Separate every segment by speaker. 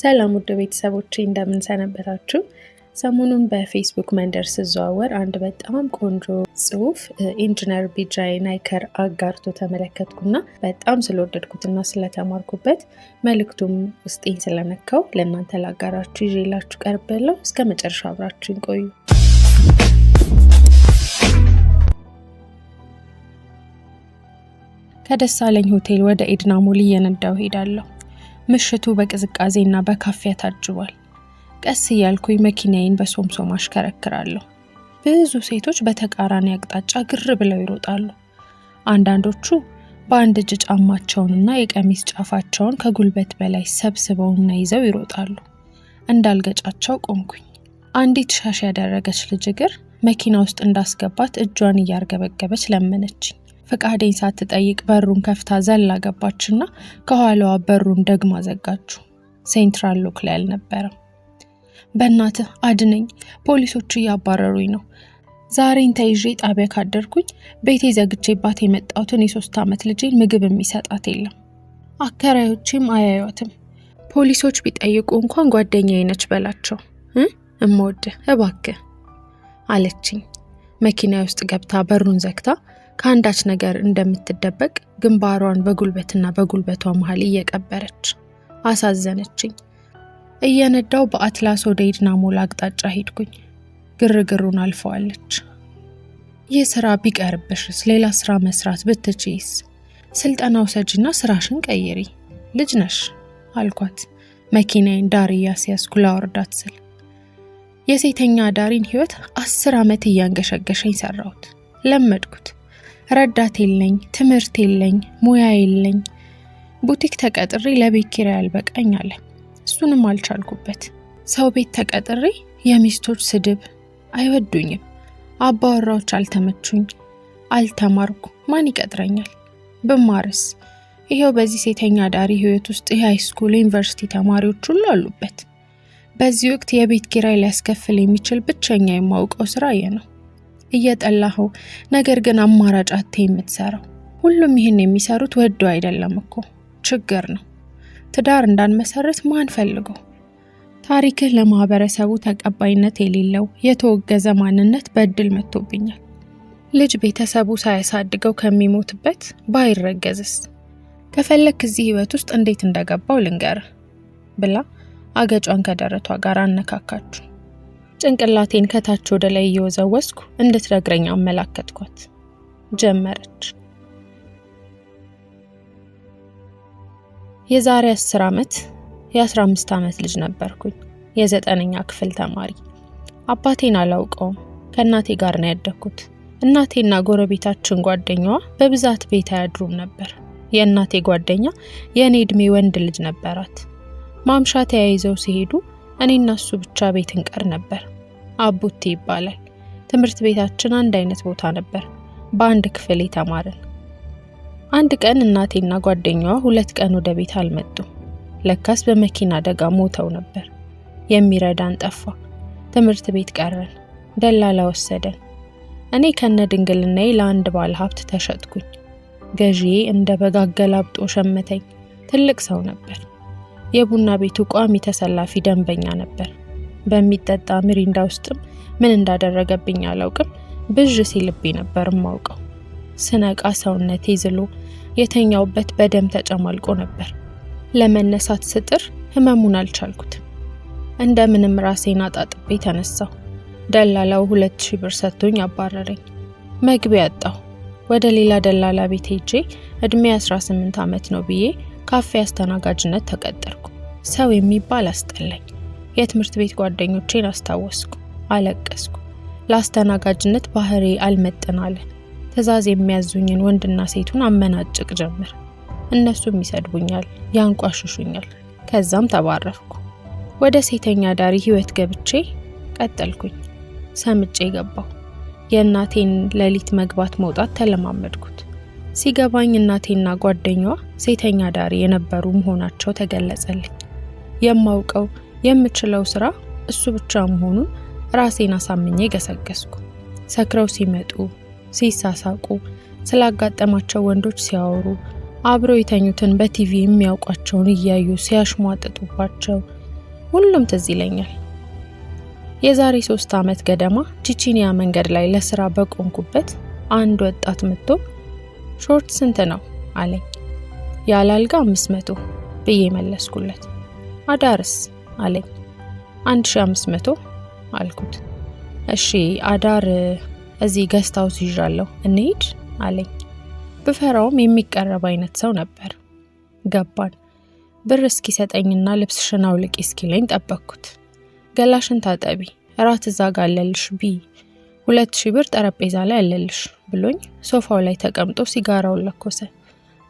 Speaker 1: ሰላም ውድ ቤተሰቦች እንደምንሰነበታችሁ። ሰሞኑን በፌስቡክ መንደር ስዘዋወር አንድ በጣም ቆንጆ ጽሁፍ ኢንጂነር ቢጃይ ናይከር አጋርቶ ተመለከትኩና በጣም ስለወደድኩትና ስለተማርኩበት መልእክቱም ውስጤን ስለነካው ለእናንተ ላጋራችሁ ይዤላችሁ ቀርበለው እስከ መጨረሻ አብራችን ቆዩ። ከደሳለኝ ሆቴል ወደ ኤድና ሞል እየነዳው ሄዳለሁ። ምሽቱ በቅዝቃዜና በካፊያ ታጅቧል። ቀስ እያልኩኝ መኪናዬን በሶምሶም አሽከረክራለሁ። ብዙ ሴቶች በተቃራኒ አቅጣጫ ግር ብለው ይሮጣሉ። አንዳንዶቹ በአንድ እጅ ጫማቸውንና የቀሚስ ጫፋቸውን ከጉልበት በላይ ሰብስበውና ይዘው ይሮጣሉ። እንዳልገጫቸው ቆምኩኝ። አንዲት ሻሽ ያደረገች ልጅ እግር መኪና ውስጥ እንዳስገባት እጇን እያርገበገበች ለመነችኝ። ፈቃዴን ሳትጠይቅ በሩን ከፍታ ዘላ ገባችና ከኋላዋ በሩን ደግማ ዘጋችሁ። ሴንትራል ሎክ ላይ አልነበረም። በእናትህ አድነኝ፣ ፖሊሶቹ እያባረሩኝ ነው። ዛሬን ተይዤ ጣቢያ ካደርኩኝ ቤቴ ዘግቼባት የመጣሁትን የሶስት ዓመት ልጄን ምግብ የሚሰጣት የለም። አከራዮቼም አያዩትም። ፖሊሶች ቢጠይቁ እንኳን ጓደኛዬ ነች በላቸው። እምወድህ እባክህ አለችኝ። መኪና ውስጥ ገብታ በሩን ዘግታ ከአንዳች ነገር እንደምትደበቅ ግንባሯን በጉልበትና በጉልበቷ መሀል እየቀበረች አሳዘነችኝ። እየነዳው በአትላስ ወደ ኢድናሞል አቅጣጫ ሄድኩኝ። ግርግሩን አልፈዋለች። ይህ ስራ ቢቀርብሽስ? ሌላ ስራ መስራት ብትችይስ? ስልጠና ውሰጂና ስራሽን ቀይሪ፣ ልጅ ነሽ አልኳት። መኪናዬን ዳር እያስያዝኩ ላወርዳት ስል የሴተኛ ዳሪን ህይወት አስር ዓመት እያንገሸገሸኝ ሰራሁት፣ ለመድኩት። ረዳት የለኝ፣ ትምህርት የለኝ፣ ሙያ የለኝ፣ ቡቲክ ተቀጥሬ ለቤት ኪራይ አልበቃኝ አለ። እሱንም አልቻልኩበት። ሰው ቤት ተቀጥሬ የሚስቶች ስድብ አይወዱኝም፣ አባወራዎች አልተመቹኝ፣ አልተማርኩ፣ ማን ይቀጥረኛል? ብማርስ? ይሄው በዚህ ሴተኛ ዳሪ ህይወት ውስጥ ስኩል ዩኒቨርሲቲ ተማሪዎች ሁሉ አሉበት። በዚህ ወቅት የቤት ኪራይ ሊያስከፍል የሚችል ብቸኛ የማውቀው ስራ ይህ ነው። እየጠላሁ ነገር ግን አማራጭ አቴ የምትሰራው። ሁሉም ይህን የሚሰሩት ወዶ አይደለም እኮ ችግር ነው። ትዳር እንዳንመሰርት ማን ፈልገው? ታሪክህ ለማህበረሰቡ ተቀባይነት የሌለው የተወገዘ ማንነት በእድል መጥቶብኛል። ልጅ ቤተሰቡ ሳያሳድገው ከሚሞትበት ባይረገዝስ? ከፈለክ እዚህ ህይወት ውስጥ እንዴት እንደገባው ልንገር ብላ አገጯን ከደረቷ ጋር አነካካችሁ። ጭንቅላቴን ከታች ወደ ላይ እየወዘወዝኩ እንድትረግረኝ አመላከትኳት። ጀመረች። የዛሬ 10 ዓመት የ15 ዓመት ልጅ ነበርኩኝ። የዘጠነኛ ክፍል ተማሪ። አባቴን አላውቀውም። ከእናቴ ጋር ነው ያደግኩት። እናቴና ጎረቤታችን ጓደኛዋ በብዛት ቤት አያድሩም ነበር። የእናቴ ጓደኛ የእኔ ዕድሜ ወንድ ልጅ ነበራት። ማምሻ ተያይዘው ሲሄዱ እኔና እሱ ብቻ ቤት እንቀር ነበር። አቡቴ ይባላል። ትምህርት ቤታችን አንድ አይነት ቦታ ነበር። በአንድ ክፍል የተማርን። አንድ ቀን እናቴና ጓደኛዋ ሁለት ቀን ወደ ቤት አልመጡም። ለካስ በመኪና አደጋ ሞተው ነበር። የሚረዳን ጠፋ። ትምህርት ቤት ቀረን። ደላላ ወሰደን። እኔ ከነ ድንግልናዬ ለአንድ ባለ ሀብት ተሸጥኩኝ። ገዢዬ እንደ በግ አገላብጦ ሸመተኝ። ትልቅ ሰው ነበር። የቡና ቤቱ ቋሚ ተሰላፊ ደንበኛ ነበር። በሚጠጣ ምሪንዳ ውስጥም ምን እንዳደረገብኝ አላውቅም፣ ብዥ ሲልብኝ ነበር ማውቀው። ስነቃ ሰውነቴ ዝሎ የተኛውበት በደም ተጨማልቆ ነበር። ለመነሳት ስጥር ህመሙን አልቻልኩትም። እንደምንም ራሴን አጣጥቤ ተነሳሁ። ደላላው ሁለት ሺህ ብር ሰጥቶኝ አባረረኝ። መግቢያ አጣሁ። ወደ ሌላ ደላላ ቤት ሄጄ እድሜ 18 ዓመት ነው ብዬ ካፌ አስተናጋጅነት ተቀጠርኩ። ሰው የሚባል አስጠላኝ። የትምህርት ቤት ጓደኞቼን አስታወስኩ፣ አለቀስኩ። ለአስተናጋጅነት ባህሪ አለ። ትዕዛዝ የሚያዙኝን ወንድና ሴቱን አመናጭቅ ጀምር። እነሱም ይሰድቡኛል፣ ያንቋሽሹኛል። ከዛም ተባረፍኩ። ወደ ሴተኛ ዳሪ ህይወት ገብቼ ቀጠልኩኝ። ሰምጬ ገባሁ። የእናቴን ሌሊት መግባት መውጣት ተለማመድኩት። ሲገባኝ እናቴና ጓደኛዋ ሴተኛ ዳሪ የነበሩ መሆናቸው ተገለጸልኝ። የማውቀው የምችለው ስራ እሱ ብቻ መሆኑን ራሴን አሳምኜ ገሰገስኩ። ሰክረው ሲመጡ፣ ሲሳሳቁ፣ ስላጋጠማቸው ወንዶች ሲያወሩ፣ አብረው የተኙትን በቲቪ የሚያውቋቸውን እያዩ ሲያሽሟጥጡባቸው ሁሉም ትዝ ይለኛል። የዛሬ ሶስት ዓመት ገደማ ቺቺኒያ መንገድ ላይ ለስራ በቆንኩበት አንድ ወጣት መጥቶ ሾርት ስንት ነው አለኝ። ያለ አልጋ አምስት መቶ ብዬ መለስኩለት። አዳርስ አለኝ። አንድ ሺ አምስት መቶ አልኩት። እሺ አዳር እዚህ ገስት ሀውስ ይዣለሁ እንሂድ አለኝ። ብፈራውም የሚቀረብ አይነት ሰው ነበር። ገባን። ብር እስኪሰጠኝና ሽናው አውልቂ እስኪለኝ ጠበቅኩት። ገላሽን ታጠቢ፣ እራት እዛ ጋለልሽ ቢ ሁለት ሺህ ብር ጠረጴዛ ላይ አለልሽ ብሎኝ ሶፋው ላይ ተቀምጦ ሲጋራውን ለኮሰ።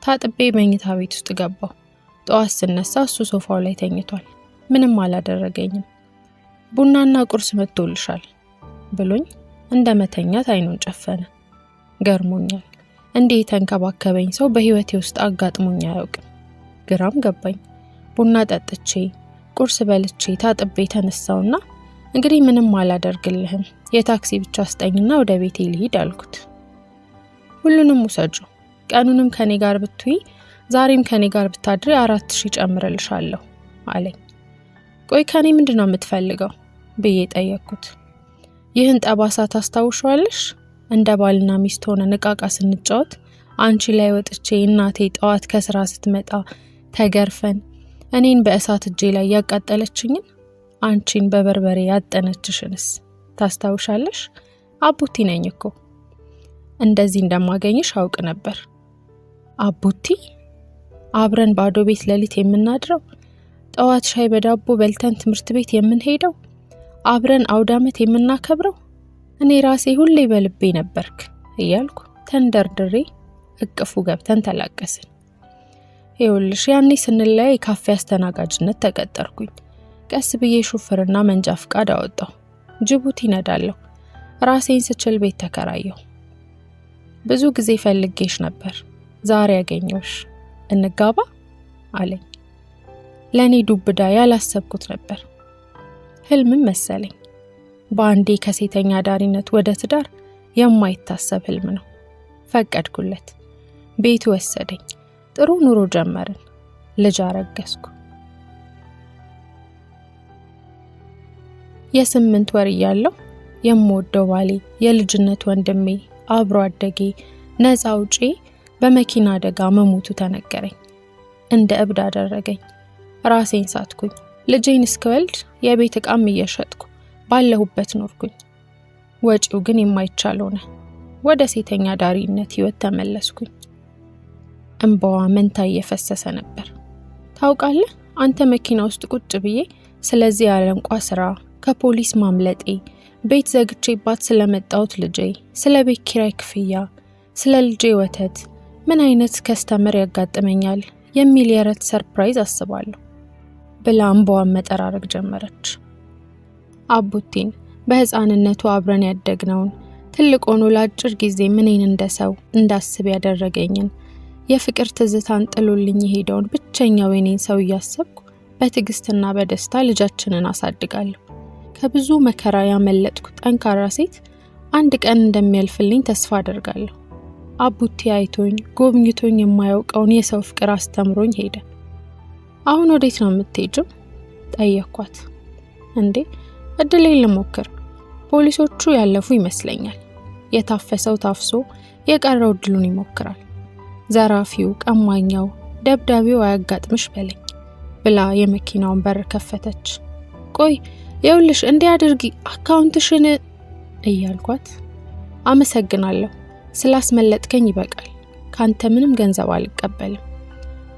Speaker 1: ታጥቤ መኝታ ቤት ውስጥ ገባው ጠዋት ስነሳ እሱ ሶፋው ላይ ተኝቷል። ምንም አላደረገኝም። ቡናና ቁርስ መጥቶልሻል ብሎኝ እንደ መተኛት አይኑን ጨፈነ። ገርሞኛል። እንዲህ የተንከባከበኝ ሰው በህይወቴ ውስጥ አጋጥሞኝ አያውቅም። ግራም ገባኝ። ቡና ጠጥቼ ቁርስ በልቼ ታጥቤ ተነሳውና እንግዲህ ምንም አላደርግልህም የታክሲ ብቻ ስጠኝና ወደ ቤቴ ልሂድ አልኩት። ሁሉንም ውሰጁ፣ ቀኑንም ከኔ ጋር ብትይ፣ ዛሬም ከኔ ጋር ብታድሪ አራት ሺ ጨምረልሻለሁ አለኝ። ቆይ ከኔ ምንድን ነው የምትፈልገው ብዬ ጠየቅኩት። ይህን ጠባሳ ታስታውሸዋለሽ? እንደ ባልና ሚስት ሆነን እቃቃ ስንጫወት አንቺ ላይ ወጥቼ እናቴ ጠዋት ከስራ ስትመጣ ተገርፈን እኔን በእሳት እጄ ላይ ያቃጠለችኝን አንቺን በበርበሬ ያጠነችሽንስ ታስታውሻለሽ? አቡቲ ነኝ እኮ እንደዚህ እንደማገኝሽ አውቅ ነበር። አቡቲ አብረን ባዶ ቤት ሌሊት የምናድረው፣ ጠዋት ሻይ በዳቦ በልተን ትምህርት ቤት የምንሄደው፣ አብረን አውደ ዓመት የምናከብረው፣ እኔ ራሴ ሁሌ በልቤ ነበርክ እያልኩ ተንደርድሬ እቅፉ ገብተን ተላቀስን። ይኸውልሽ ያኔ ስንለያይ ካፌ አስተናጋጅነት ተቀጠርኩኝ። ቀስ ብዬ ሹፍርና መንጃ ፍቃድ አወጣሁ። ጅቡቲ ነዳለሁ። ራሴን ስችል ቤት ተከራየሁ። ብዙ ጊዜ ፈልጌሽ ነበር፣ ዛሬ ያገኘሁሽ። እንጋባ አለኝ። ለእኔ ዱብዳ ያላሰብኩት ነበር፣ ህልምም መሰለኝ። በአንዴ ከሴተኛ ዳሪነት ወደ ትዳር የማይታሰብ ህልም ነው። ፈቀድኩለት። ቤቱ ወሰደኝ። ጥሩ ኑሮ ጀመርን። ልጅ አረገዝኩ። የስምንት ወር እያለሁ የምወደው ባሌ፣ የልጅነት ወንድሜ፣ አብሮ አደጌ፣ ነፃ አውጪ በመኪና አደጋ መሞቱ ተነገረኝ። እንደ እብድ አደረገኝ። ራሴን ሳትኩኝ። ልጄን እስክወልድ የቤት ዕቃም እየሸጥኩ ባለሁበት ኖርኩኝ። ወጪው ግን የማይቻል ሆነ። ወደ ሴተኛ ዳሪነት ህይወት ተመለስኩኝ። እንባዋ መንታ እየፈሰሰ ነበር። ታውቃለህ፣ አንተ መኪና ውስጥ ቁጭ ብዬ ስለዚህ ያለንቋ ስራ ከፖሊስ ማምለጤ፣ ቤት ዘግቼባት ስለመጣሁት ልጄ፣ ስለ ቤት ኪራይ ክፍያ፣ ስለ ልጄ ወተት፣ ምን አይነት ከስተመር ያጋጥመኛል የሚል የረት ሰርፕራይዝ አስባለሁ ብላ እንባዋን መጠራረግ ጀመረች። አቡቲን በህፃንነቱ አብረን ያደግነውን ትልቅ ሆኖ ለአጭር ጊዜ ምንን እንደ ሰው እንዳስብ ያደረገኝን የፍቅር ትዝታን ጥሎልኝ የሄደውን ብቸኛው የኔን ሰው እያሰብኩ በትዕግስትና በደስታ ልጃችንን አሳድጋለሁ። ከብዙ መከራ ያመለጥኩ ጠንካራ ሴት አንድ ቀን እንደሚያልፍልኝ ተስፋ አደርጋለሁ። አቡቴ አይቶኝ ጎብኝቶኝ የማያውቀውን የሰው ፍቅር አስተምሮኝ ሄደ። አሁን ወዴት ነው የምትሄጅም? ጠየኳት። እንዴ እድሌን ልሞክር። ፖሊሶቹ ያለፉ ይመስለኛል። የታፈሰው ታፍሶ የቀረው እድሉን ይሞክራል። ዘራፊው፣ ቀማኛው፣ ደብዳቤው አያጋጥምሽ በለኝ ብላ የመኪናውን በር ከፈተች። ቆይ ይኸውልሽ እንዲያድርጊ አካውንትሽን እያልኳት አመሰግናለሁ ስላስመለጥከኝ ይበቃል፣ ካንተ ምንም ገንዘብ አልቀበልም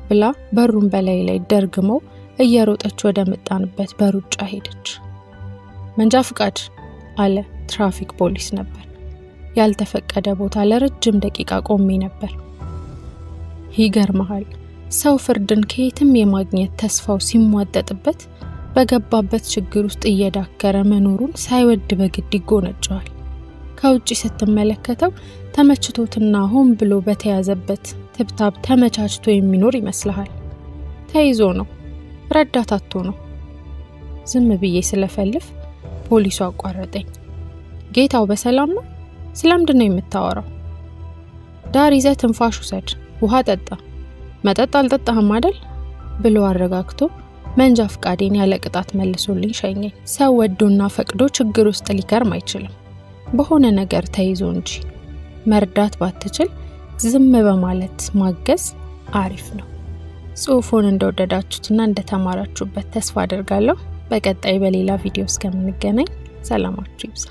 Speaker 1: ብላ በሩን በላይ ላይ ደርግመው እየሮጠች ወደ መጣንበት በሩጫ ሄደች። መንጃ ፍቃድ አለ። ትራፊክ ፖሊስ ነበር። ያልተፈቀደ ቦታ ለረጅም ደቂቃ ቆሜ ነበር። ይገርመሃል ሰው ፍርድን ከየትም የማግኘት ተስፋው ሲሟጠጥበት በገባበት ችግር ውስጥ እየዳከረ መኖሩን ሳይወድ በግድ ይጎነጨዋል። ከውጭ ስትመለከተው ተመችቶትና ሆን ብሎ በተያዘበት ትብታብ ተመቻችቶ የሚኖር ይመስልሃል። ተይዞ ነው፣ ረዳት አጥቶ ነው። ዝም ብዬ ስለፈልፍ ፖሊሱ አቋረጠኝ። ጌታው በሰላም ነው? ስለምንድን ነው የምታወራው? ዳር ይዘ ትንፋሽ ውሰድ፣ ውሃ ጠጣ። መጠጥ አልጠጣህም አደል? ብሎ አረጋግቶ መንጃ ፍቃዴን ያለ ቅጣት መልሶልኝ ሸኘኝ። ሰው ወዶና ፈቅዶ ችግር ውስጥ ሊገርም አይችልም፣ በሆነ ነገር ተይዞ እንጂ። መርዳት ባትችል ዝም በማለት ማገዝ አሪፍ ነው። ጽሑፉን እንደወደዳችሁትና እንደተማራችሁበት ተስፋ አድርጋለሁ። በቀጣይ በሌላ ቪዲዮ እስከምንገናኝ ሰላማችሁ ይብዛ።